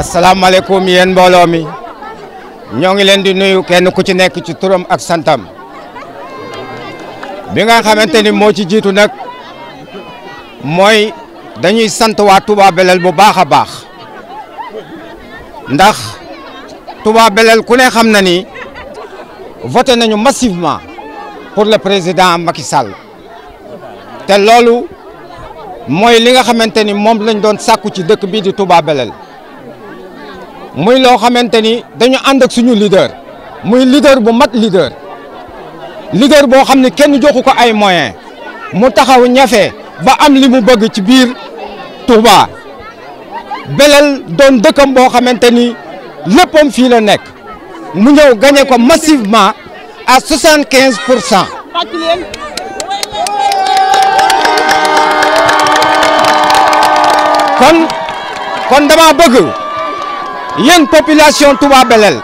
asalaamaaleykum yéen mbooloo mi ñoo ngi leen di nuyu kenn ku ci nekk ci turam ak santam bi nga xamante ni moo ci jiitu nag mooy dañuy sant waa Touba bu baax a baax ndax Touba ku ne xam na ni voté nañu massivement pour le président Macky Sall te loolu mooy li nga xamante ni moom lañ doon sàkku ci dëkk bi di Touba muy loo xamante ni dañu ànd ak suñu leader muy leader bu mat leader leader boo xam ne kenn joxu ko ay moyen mu taxaw ñafe ba am li mu bëgg ci biir Touba Belel doon dëkkam boo xamante ni léppam fii la nekk mu ñëw gañe ko massivement à soixante quinze pour cent kon kon dama bëgg yéen population Touba Belel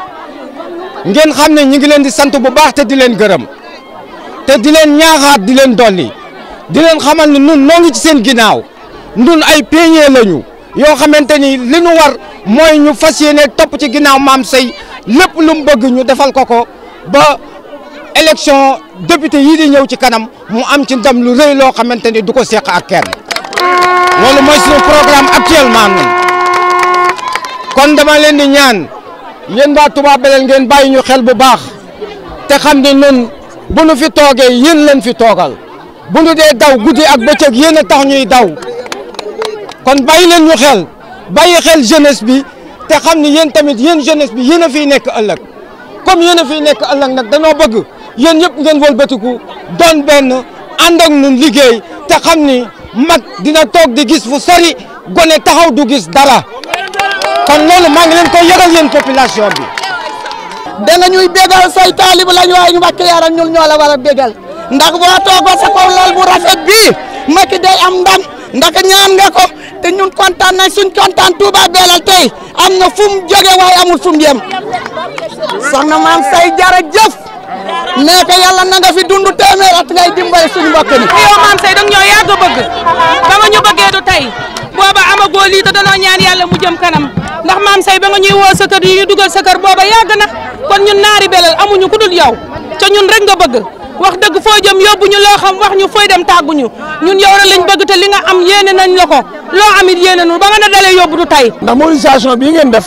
ngeen xam ne ñu ngi leen di sant bu baax te di leen gërëm te di leen ñaaxaat di leen dolli di leen xamal ne nun noo ci seen ginnaaw nun ay pionnier lañu yoo xamante ni li ñu war mooy ñu fas yéene topp ci ginnaaw maam sey lépp lu mu ñu defal ko ko ba élection député yii di ñëw ci kanam mu am ci ndam lu rëy loo xamante ni du ko seq ak kenn loolu mooy suñu programme actuellement kon dama leen di ñaan yéen waa tubaab Belel ngeen bàyyi ñu xel bu baax te xam ne nun bu nu fi toogee yéen leen fi toogal bu nu dee daw guddi ak bëccëg yéen a tax ñuy daw kon bàyyi leen ñu xel bàyyi xel jeunesse bi te xam ne yéen tamit yéen jeunesse bi yéen a fi nekk ëllëg comme yéen a fi nekk ëllëg nag danoo bëgg yéen yëpp ngeen wëlbatiku doon benn ànd ak ñun liggéey te xam ni mag dina toog di gis fu sari gone taxaw du gis dara kon loolu maa ngi leen koy yëgal yéen population bi. danga ñuy bégal say taalib lañ waaye ñu Mbàkke Yaaram ñun ñoo la war a bégal ndax boo toog ba sa kaw lool bu rafet bii Macky day am ndam ndax ñaan nga ko te ñun kontaan nañ suñ kontaan Touba tey am na fu mu jóge waaye amul fu mu yem soxna maam say jërëjëf mais que yàlla na fi dund téeméer at ngay dimbale suñu mbokk yow maam say danga ñoo yàgg bëgg ba ñu bëggee du tey bëggoo lii te danoo ñaan yàlla mu jëm kanam ndax maam say ba nga ñuy woo sa kër ñu dugal sa booba yàgg na kon ñun naari belal amuñu ku dul yow ca ñun rek nga bëgg wax dëgg foo jëm yóbbu ñu loo xam wax ñu fooy dem tàgguñu ñun yow rek lañ bëgg te li nga am yéene nañ la ko loo amit yéene nu ba nga ne dalee yóbbu du tey. ndax mobilisation bii ngeen def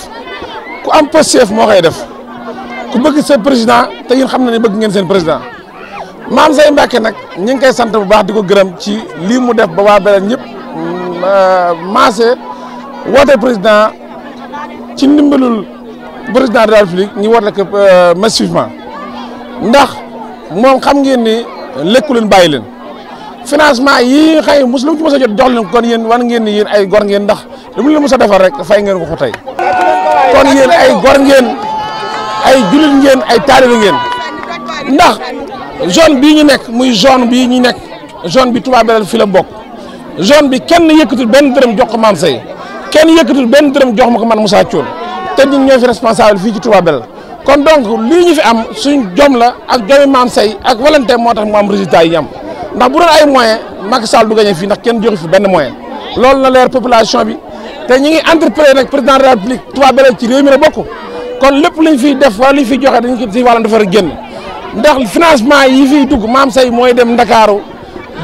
ku am poste chef moo koy def ku bëgg seen président te yéen xam na ne bëgg ngeen seen président maam say Mbàkke nag ñu ngi koy sant bu baax di ko gërëm ci lii mu def ba waa belal ñëpp maase woote président ci ndimbalul président de la république ñu woote ko euh, massivement ndax moom xam ngeen ni lekku leen bàyyi leen financement yi xëy mosul ci mos a jot jox leen kon yéen war ngeen ni yéen ay gor ngeen ndax lu mu leen mos defar rek fay ngeen ko ko tey kon yéen ay gor ngeen ay jullit ngeen ay taalibe ngeen ndax zone bii ñu nekk muy zone bii ñu nekk zone bi Touba Belel fi la bokk zone bi kenn yëkkatul benn dërëm jox ko maam say kenn yëkkatul benn dërëm jox ma ko man Moussa Thioune te ñun ñoo fi responsable fii ci Touba kon donc lii ñu fi am suñ jom la ak jomi maam say ak volonté moo tax mu am résultat yi ñu ndax bu doon ay moyen Macky Sall du gagné fii ndax kenn joxu fi benn moyen loolu na leer population bi te ñi ngi entrepreneur nag président de la ci réew mi la kon lépp liñ fiy def wala liñ fiy joxe dañ ko si wàllum defar génn ndax financement yi fiy dugg maam say mooy dem Ndakaaru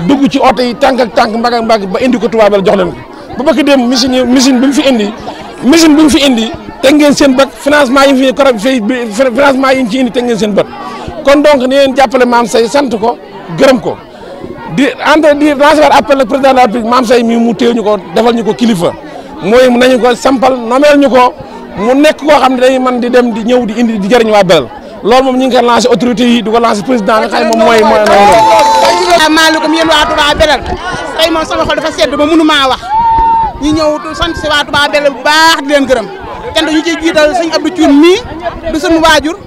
dugg ci oto yi tànk ak tànk mbagg ak ba indi ko tubaabal jox leen ko ba bëgg dem machine machine bi mu fi indi machine bi mu fi indi teg ngeen seen bët financement yi fi korab fi financement yi ñu ci indi teg ngeen seen bët kon donc ni leen jàppale maam say sant ko gërëm ko di entre di recevoir appel le président de la République maam say mii mu téew ñu ko defal ñu ko kilifa mooy nañu ko sampal nomeel ñu ko mu nekk koo xam ne day man di dem di ñëw di indi di jëriñ waa Belel loolu moom ñu ngi koy lancé autorité yi di ko lancé président nga xam ne moom mooy mooy noonu. asalaamaaleykum yéen waa Touba Belel tey moom sama xol dafa sedd ba mënu maa wax ñu ñëw sant si waa Touba Belel bu baax di leen gërëm kenn ñu ciy jiital suñu Abdou Thioune mii di suñu waajur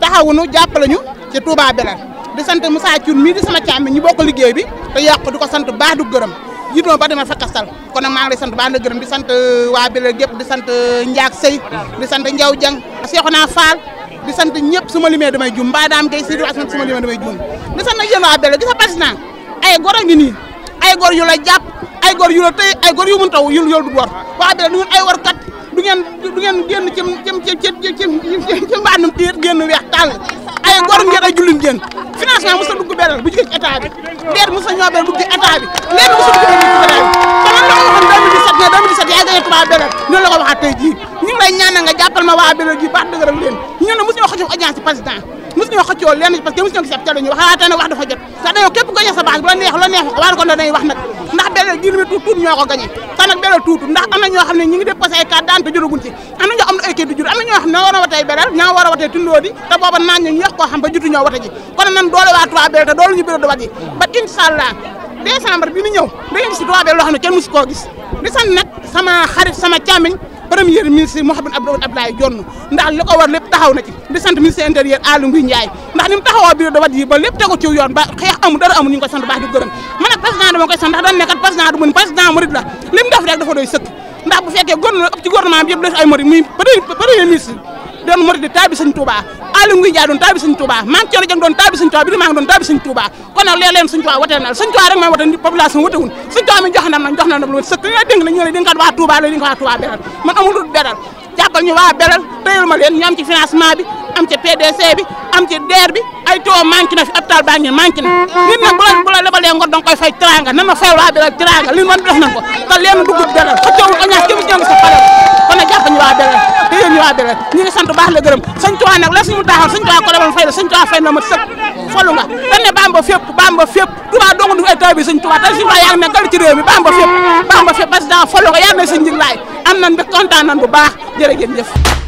taxawuñu jàppale ñu ci Touba Belel di sant Moussa Thioune mii di sama càmm ñi bokk liggéey bi te yàq di ko sant baax du gërëm jiituma ba dama fakkastal kon nag maa ngi lay sant baax na gërëm di sant euh, waa Belel gépp di sant euh, Ndiak Sey di sant Ndiaw Dieng Cheikhouna Fall di sant ñëpp su ma limee damay juum mbaadaam gay Seydou Assane su ma limee damay waa Bello gis nga président ay gor a ngi nii ay gor yu la jàpp tey ay gor yu mun taw yu yow du wor waa Bello du ngeen ay warkat du ngeen du ngeen génn ci ci ci ci ci mbaanum tiir génn weex tàll ay gor ngeen ay jullit ngeen financement mos a dugg Bello bu jógee ci état bi leer a ci état bi leer mos a dugg ne 2017 ne mosu ñoo xëccoo audience président mosu ci am na ñoo xam xam ne war kon nan doole waa Touba Belel te doole ñu Belel du wàññi ba incha allah décembre bi ñu ñëw da ngeen gis Touba Belel loo xam ne kenn mosu koo gis di sant nag sama xarit sama càmmiñ premier ministre Mouhamed Abdoulaye Dione ndax li ko war lépp taxaw na ci di sant ministre intérieur Aly Ngouille Ndiaye ndax ni mu taxawoo bureau de yi ba lépp tegu ci yoon ba xeex amul dara amul ñu ngi sant baax di gërëm man nag président dama koy sant ndax dañ nekkat président du mun président murid la li mu def rek dafa doy sëkk ndax bu fekkee góor na ëpp ci gouvernement bi yëpp def ay murid muy premier ministre doon murid di taalibe Sëñ Tuubaa Aliou Ngouille Ndiaye doon taalibe Sëñ Tuubaa Mame Thierno Dieng doon taalibe Sëñ maa ngi doon taalibe Sëñ Tuubaa kon nag léeg leen Sëñ Tuubaa rek maa wate population watewul Sëñ Tuubaa mi joxe na ma jox na na lu la dénk na di waa Tuubaa la di nga waa Tuubaa beral ma na fi hôpital baa ngi manqué na nit nag bu ma fay waa beral teraanga li man def nañ ko ko ñaax yéen ñu a Belel ñu ngi sant baax la gërëm sëñ Tuubaa nag la suñu taxaw sëñ Tuubaa ko demoon fay la sëñ Tuubaa fay na ma sëkk folu nga dañ ne Bamba fépp Bamba fépp Tuubaa dong du ay taw bi sëñ Tuubaa te yaa ngi nekkal ci réew mi Bamba fépp Bamba fépp président folu nga yàlla na sëñ njiglaay am nañ bi kontaan nañ bu baax jërëjëf